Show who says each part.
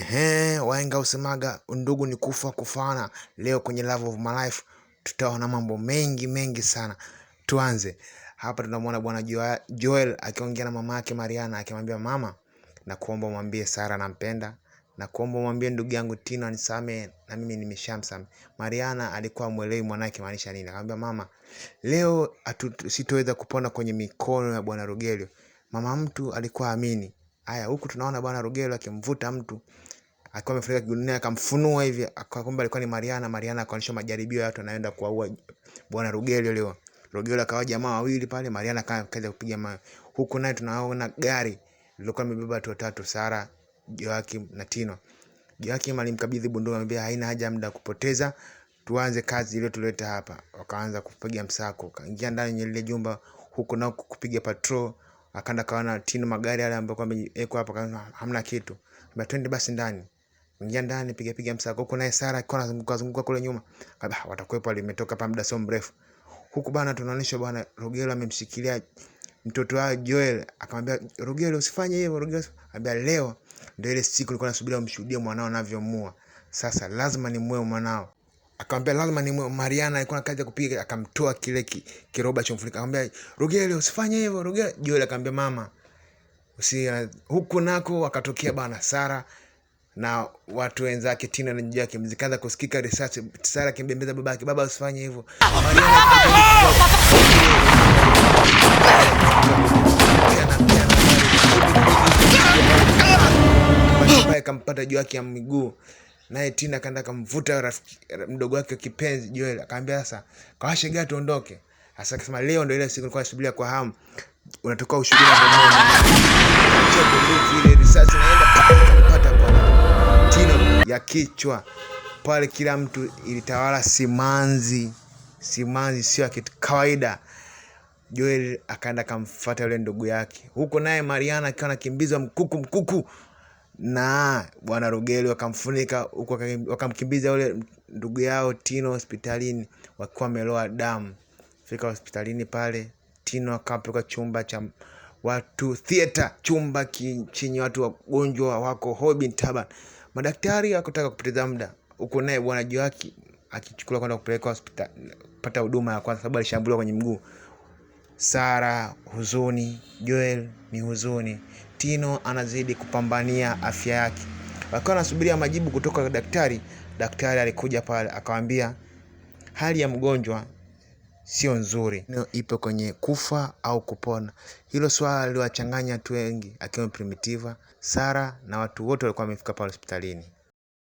Speaker 1: Ehe, wahenga usemaga ndugu ni kufa kufana. Leo kwenye Love of My Life tutaona mambo mengi mengi sana. Tuanze hapa, tunamwona bwana Joel akiongea na mama yake Mariana, akimwambia mama, na kuomba umwambie Sara nampenda, na kuomba umwambie ndugu yangu Tino anisamehe na mimi nimeshamsame. Mariana alikuwa mwelewi mwanake maanisha nini, akamwambia mama, leo sitoweza kupona kwenye mikono ya bwana Rogelio. Mama mtu alikuwa amini Haya, huku tunaona bwana Rugelo akimvuta mtu akiwa amefunika kigunia akamfunua hivi, akamwambia alikuwa ni Mariana. Mariana akaonyesha majaribio ya watu anaenda kuua bwana Rugelo leo. Rugelo akawa jamaa wawili pale, Mariana kaanza kupiga mawe. Huku naye tunaona gari lilikuwa limebeba watu watatu, Sara, Joakim na Tino. Joakim alimkabidhi bunduki, amwambia haina haja muda kupoteza, tuanze kazi ile tuleta hapa. Wakaanza kupiga msako, kaingia ndani ya lile jumba huku na kupiga patrol akaenda kaona tino magari yale ambayo yamewekwa yako hapo kaona hamna kitu. Mbona twende basi ndani. Ingia ndani piga piga msako huko naye Sara akiwa anazunguka zunguka kule nyuma. Kabla ah, watakuepo alimetoka hapa muda sio mrefu. Huku bana tunaonyeshwa bwana Rogelo amemshikilia mtoto wao Joel akamwambia Rogelo usifanye hivyo Rogelo Akamwambia leo ndio ile siku nilikuwa nasubiri umshuhudie mwanao anavyomua. Sasa lazima nimue mwanao akamwambia lazima ni Mariana alikuwa na kazi ya kupiga, akamtoa kile ki, kiroba cha chomfunika, akamwambia Rogelio, usifanye hivyo Rugeli. Joel akamwambia mama usi uh, huku nako wakatokea bana Sara na watu wenzake Tina na Jaki, mzikaanza kusikika risasi. Sara akimbembeza babake, baba usifanye hivyo. Mariana, akampata Kampata yake ya miguu Naye Tina kaenda akamvuta rafiki mdogo wake kipenzi Joel, akamwambia sasa kawashe gari tuondoke. Sasa akasema leo ndio ile siku nilikuwa nasubiria kwa hamu. Unatoka ushuhuda na mdomo. Ile risasi inaenda kupata kwa Tina ya kichwa. Pale kila mtu ilitawala simanzi. Simanzi sio kitu kawaida. Joel akaenda akamfuata yule ndugu yake. Huko naye Mariana akiwa anakimbizwa mkuku mkuku na bwana Rugeli wakamfunika huku wakamkimbiza yule ndugu yao Tino hospitalini wakiwa wameloa damu. Fika hospitalini pale, Tino akapelekwa chumba cha watu theater, chumba chenye watu wagonjwa wako Hobin Taban. Madaktari hakutaka kupoteza muda, huku naye bwana Joaki akichukuliwa kwenda kupelekwa hospitali pata huduma ya kwanza, sababu alishambuliwa kwenye mguu. Sara huzuni, Joel ni huzuni. Pochettino anazidi kupambania afya yake. Wakiwa anasubiria majibu kutoka kwa daktari, daktari alikuja pale akamwambia hali ya mgonjwa sio nzuri, ipo kwenye kufa au kupona. Hilo swala liliwachanganya watu wengi, akiwemo Primitiva, Sara na watu wote walikuwa wamefika pale hospitalini.